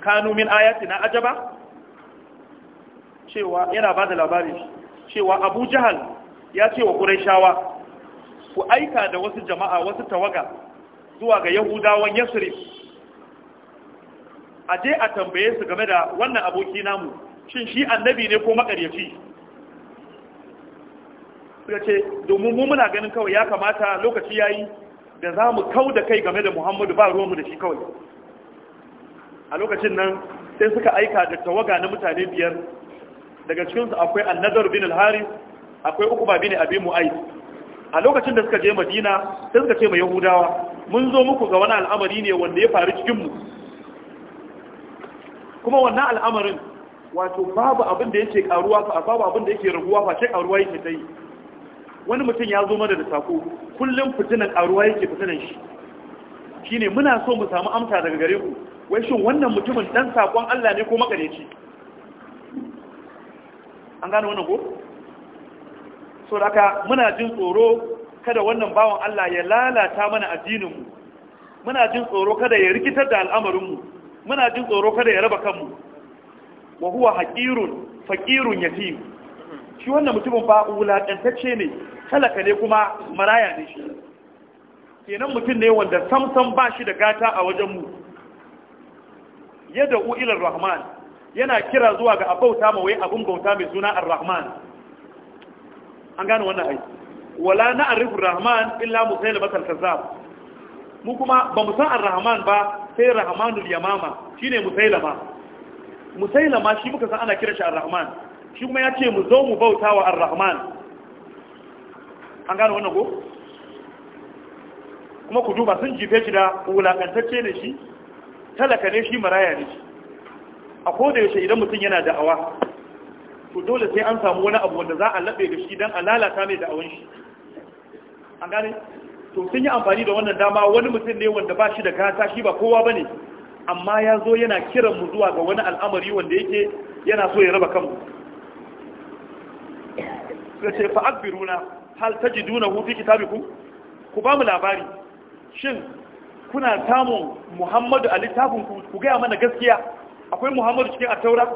kanu min na ajaba cewa yana ba da labari cewa Abu Jahal ya ce wa Qurayshawa ku aika da wasu jama'a wasu tawaga zuwa ga Yahudawan yasri a je a tambaye su game da wannan aboki namu shin shi annabi ne ko makaryaci suka domin mu muna ganin kawai ya kamata lokaci yayi da za mu kau da kai game da muhammadu ba ruwanmu da shi kawai a lokacin nan sai suka aika da tawaga na mutane biyar daga cikinsu akwai annadar bin al-haris akwai ukuba ne abin mu'ai a lokacin da suka je madina sai suka ce ma yahudawa mun zo muku ga wani al'amari ne wanda ya faru cikinmu. kuma wannan al'amarin wato babu abin da yake karuwa fa babu abin da yake raguwa fa sai karuwa yake tai wani mutum ya zo mana da sako kullum fitinan ƙaruwa yake fitinan shi shine muna so mu samu amsa daga gare ku wai shin wannan mutumin dan sakon Allah ne ko makareci an gane wannan ko so muna jin tsoro kada wannan bawan Allah ya lalata mana addinin mu muna jin tsoro kada ya rikitar da al'amarin mu muna jin tsoro kada ya raba kanmu wa huwa haqirun faqirun yatim shi wannan mutumin ba wulaƙantacce ne talaka ne kuma maraya ne shi kenan mutum ne wanda samsam ba shi da gata a wajen mu yadda u'ilar rahman yana kira zuwa ga abauta ma wai abin bauta mai suna ar-rahman an gano wannan aiki. wala na'rifu ar-rahman illa musailama masar kazzab mu kuma ba mu san ar-rahman ba sai rahmanul yamama shine musailama musailama shi muka san ana kira shi ar-rahman shi kuma ya ce mu zo mu bauta wa ar-rahman an gano wannan ko kuma ku duba sun jife shi da wulakantacce ne shi talaka ne shi maraya ne shi a koda yaushe idan mutum yana da'awa to dole sai an samu wani abu wanda za a laɓe da shi don a lalata mai da'awan shi an gane to sun yi amfani da wannan dama wani mutum ne wanda ba shi da gata shi ba kowa ba ne amma ya zo yana kiran mu zuwa ga wani al'amari wanda yake yana so ya raba kanmu suka ce fa na hal ji duna hufi kitabikun? ku ba mu labari shin kuna samun Muhammadu a littafin ku ku gaya mana gaskiya akwai Muhammadu cikin a taura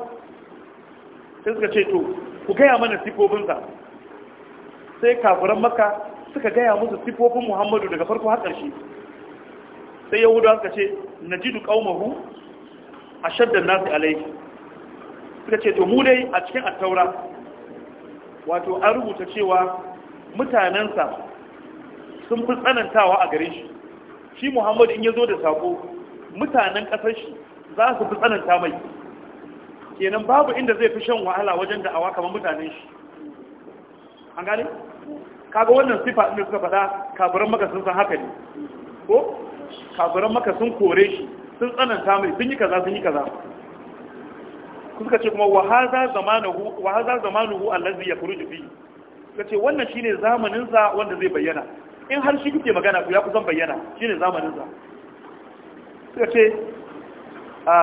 sai suka ce to ku gaya mana sifofinsa sai kafuran maka suka gaya musu sifofin Muhammadu daga farko har ƙarshe sai Yahudu suka ce na ji aumahu a ashaddan nasi alayhi suka ce to mu dai a cikin attaura. wato an rubuta cewa mutanensa sun fi tsanantawa a gare shi shi muhammadu in ya zo da sako mutanen ƙasar shi za su fi tsananta mai kenan babu inda zai fi shan wahala wajen da awa kamar mutanen shi an gane kaga wannan sifa inda suka faɗa kafiran maka sun san haka ne ko kafiran maka sun kore shi sun tsananta mai sun yi kaza sun yi kaza kuka ce kuma wa haza zamanuhu wa haza zamanuhu allazi yakhruju fi suka ce wannan shine zamanin sa wanda zai bayyana in har shi kike magana ku ya kusan bayyana shine zamanin sa suka ce a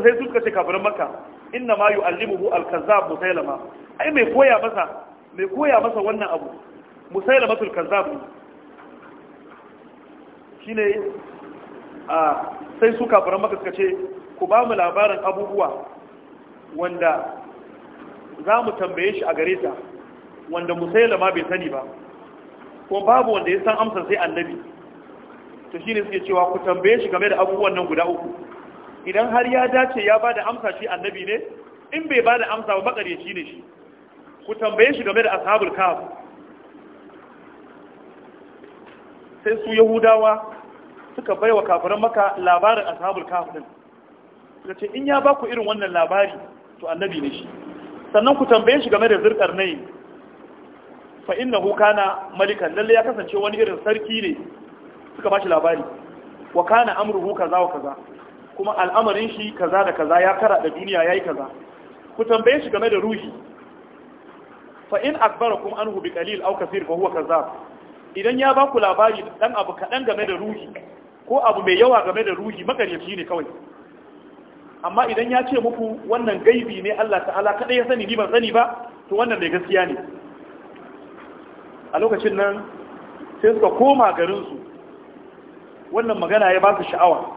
sai suka ce kafirin makka inna ma yu'allimuhu al-kazzab musailama ai mai koya masa mai koya masa wannan abu musailamatul kazzab shine a sai su kafirin makka suka ce ku ba mu labarin abubuwa wanda za mu tambaye shi a gare ta wanda musaila ma bai sani ba ko babu wanda ya san amsa sai annabi to shi ne suke cewa ku tambaye shi game da abubuwan nan guda uku idan har ya dace ya ba da amsa shi annabi ne in bai ba da amsa ba shi ne shi ku tambaye shi game da ashabul kaf sai su yahudawa suka baiwa kafiran maka labarin ashabul kaf din suka ce in ya ba ku irin wannan labari to annabi ne shi sannan ku tambaye shi game da zirkar nai fa innahu kana malikan lalle ya kasance wani irin sarki ne suka ba shi labari wa kana amruhu kaza wa kaza kuma al'amarin shi kaza da kaza ya kara da duniya yayi kaza ku tambaye shi game da ruhi fa in akbarakum anhu bi qalil aw kaseer fa huwa kaza idan ya ba ku labari dan abu kadan game da ruhi ko abu mai yawa game da ruhi makaryaci ne kawai amma idan ya ce muku wannan gaibi ne Allah ta'ala kaɗai ya sani ni ban sani ba to wannan mai gaskiya ne a lokacin nan sai suka koma garinsu wannan magana ya ba su sha'awa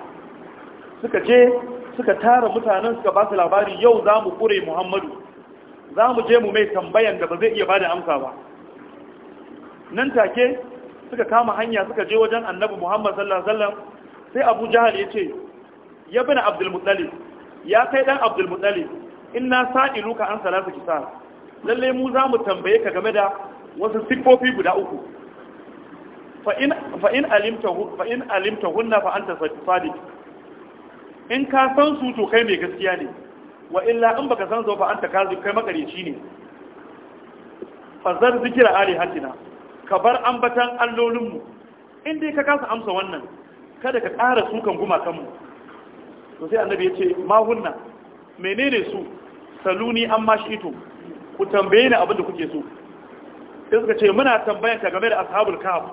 suka je suka tara mutanen suka ba su labari yau za mu kure muhammadu za mu je mu mai tambayan da ba zai iya bada da amsa ba nan take suka kama hanya suka je wajen annabi muhammad sallallahu alaihi wasallam sai abu jahal ya ce ya bi na abdulmuttalib ya kai dan abdul muttalib inna sa'iluka an salasa kisa lalle mu za mu tambaye ka game da wasu siffofi guda uku fa in alimta hunna fa anta sadiq in ka san su to kai mai gaskiya ne wa illa in baka san zo fa anta kai makareci ne fa zar zikira ali hatina ka bar ambatan allolinmu in dai ka kasa amsa wannan kada ka ƙara sukan gumakanmu to sai annabi ya ce ma hunna menene su saluni an ma shi ku tambaye ni abin da kuke so sai suka ce muna tambayan ka game da ashabul kahf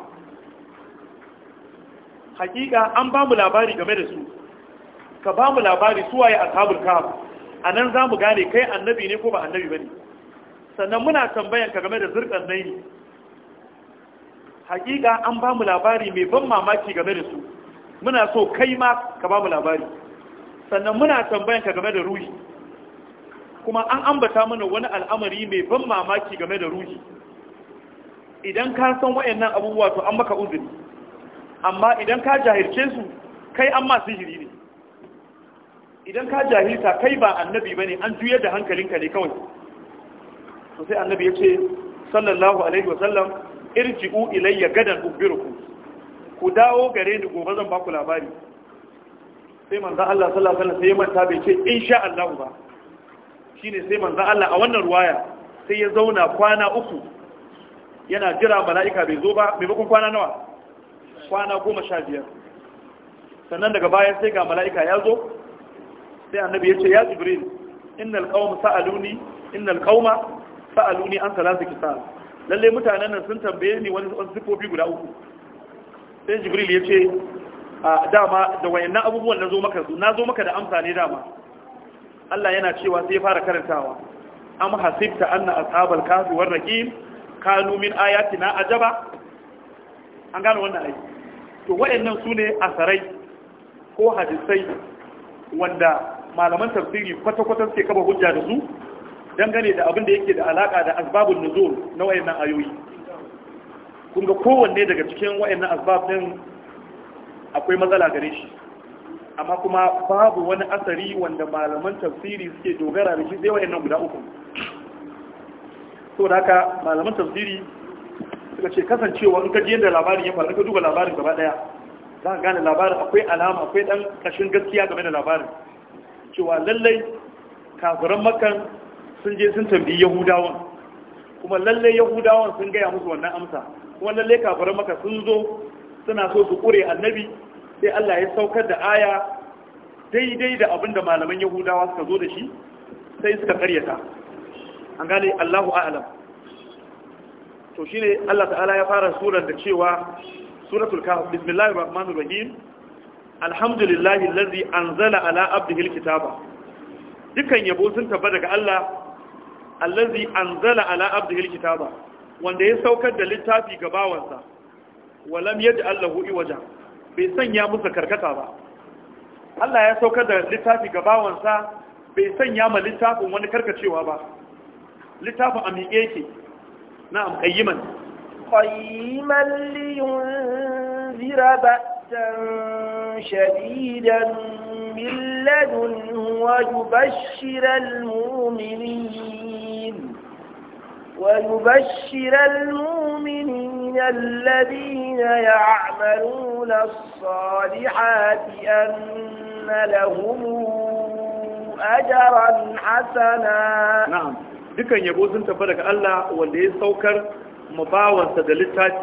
hakika an ba mu labari game da su ka ba mu labari su waye ashabul kahf anan za mu gane kai annabi ne ko ba annabi bane sannan muna tambayan ka game da zurkan naini hakika an ba mu labari mai ban mamaki game da su muna so kai ma ka ba mu labari sannan muna tambayan ka game da ruhi kuma an ambata mana wani al'amari mai ban mamaki game da ruhi idan ka san wayannan abubuwa to an maka uzuri amma idan ka jahilce su kai an ma sihiri ne idan ka jahilta kai ba annabi bane an juyar da hankalinka ne kawai to sai annabi ya ce sallallahu alaihi wa sallam irji'u ilayya gadan ubirukum ku dawo gare ni gobe zan ba ku labari sai manzan Allah sallallahu sai ya manta bai ce sha Allah ba ne sai manzan Allah a wannan ruwaya sai ya zauna kwana uku yana jira mala'ika bai zo ba maimakon kwana nawa kwana goma sha biyar sannan daga baya sai ga mala'ika ya zo sai annabi ya ce ya jibril innal qaum sa'aluni an salasa kisal Lallai mutanen nan sun tambaye ni wani sifofi guda uku sai jibril ya ce dama da wayannan abubuwan na zo maka na maka da amsa ne dama Allah yana cewa sai ya fara karantawa am hasibta anna ashabal kahfi war raqim kanu min ayatina ajaba an gano wannan ai to wayannan sune asarai ko hadisai wanda malaman tafsiri kwata-kwata suke kaba hujja da su dangane da abin da yake da alaka da asbabun nuzul na wayannan ayoyi kun ga kowanne daga cikin wayannan asbab din akwai matsala gare shi amma kuma babu wani asari wanda malaman tafsiri suke dogara da shi zai nan guda uku so da haka malaman tafsiri suka ce kasancewa in ka yadda labarin ya faru ka duba labarin gaba daya za ka gane labarin akwai alama akwai dan kashin gaskiya game da labarin cewa lallai kafiran makan sun je sun tambayi yahudawan kuma lallai yahudawan sun gaya musu wannan amsa kuma lallai kafiran maka sun zo suna so su kure annabi sai Allah ya saukar da aya daidai da abin da malaman yahudawa suka zo da shi sai suka karyata an gane Allahu a'lam to shi ne Allah ta'ala ya fara surar da cewa suratul kahf bismillahir rahmanir rahim alhamdulillahi allazi anzala ala abdihi alkitaba Dukkan yabo sun tabba daga Allah allazi anzala ala abdihi alkitaba wanda ya saukar da littafi ga bawansa walam yadda Allah hu'i wajen bai sanya musu karkata ba Allah ya saukar da littafi ga bawansa bai sanya ma littafin wani karkacewa ba littafin a miƙe yake na amƙayyiman qayyiman liyunzira ba'san shadidan min ladun muminin ويبشر المؤمنين الذين يعملون الصالحات أن لهم أجرا حسنا نعم dukan yabo sun tafi daga Allah wanda ya saukar mabawansa da littafi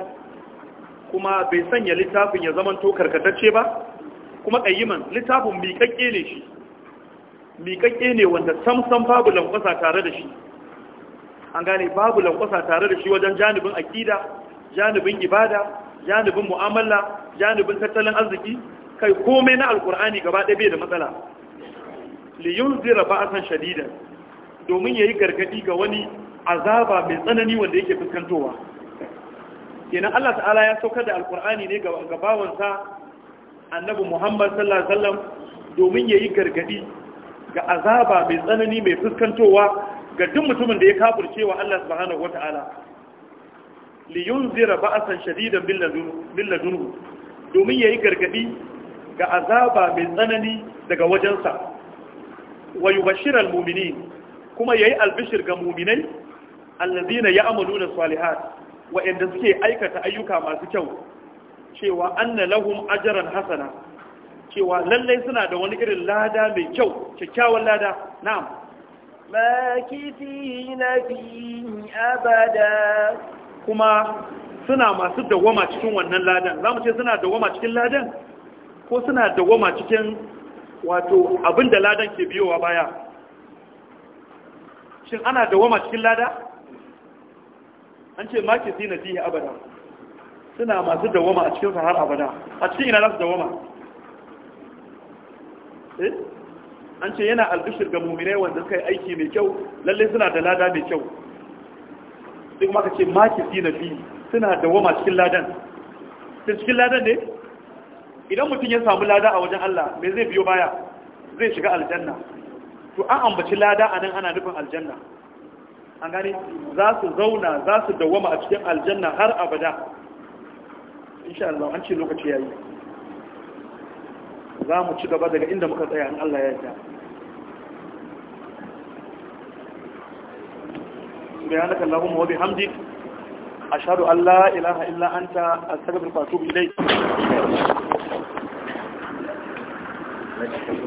kuma bai sanya littafin ya zama to karkatacce ba kuma kayyiman littafin miƙaƙƙe ne shi miƙaƙƙe ne wanda sam sam babu lankwasa tare da shi an gane babu lankwasa tare da shi wajen janibin akida janibin ibada janibin mu'amala janibin tattalin arziki kai komai na alkur'ani gaba ɗaya bai da matsala liyun zira ba'asan shadidan domin yi gargadi ga wani azaba mai tsanani wanda yake fuskantowa kenan Allah ta'ala ya saukar da alkur'ani ne ga bawansa annabi Muhammad sallallahu alaihi wasallam domin yayi gargadi ga azaba mai tsanani mai fuskantowa ga duk mutumin da ya kafirce wa Allah subhanahu wata'ala li yunzira ba'san shadidan bil ladunhu domin yayi gargadi ga azaba mai tsanani daga wajensa wa yubashshira al mu'minin kuma yayi albishir ga mu'minai alladhina ya'maluna salihat wa inda suke aikata ayyuka masu kyau cewa anna lahum ajran hasana cewa lallai suna da wani irin lada mai kyau kyakkyawan lada na'am makithina fihi abada kuma suna masu dawoma cikin wannan ladan za mu ce suna dawoma cikin ladan ko suna dawoma cikin wato abinda ladan ke biyowa baya shin ana dawoma cikin lada an ce zina fihi abada suna masu dawoma a cikin har abada a cikin ina za su dawoma eh an ce yana albishir ga muminai wanda suka yi aiki mai kyau lalle suna da lada mai kyau duk maka ce maki fi na fi suna da wama cikin ladan ta cikin ladan ne idan mutum ya samu lada a wajen Allah me zai biyo baya zai shiga aljanna to an ambaci lada a nan ana nufin aljanna an gane za su zauna za su dawama a cikin aljanna har abada insha Allah an ce lokaci yayi za mu ci gaba daga inda muka tsaya in Allah ya yarda subhanaka allahumma wa bihamdik a an allah ilaha illa anta astaghfiruka wa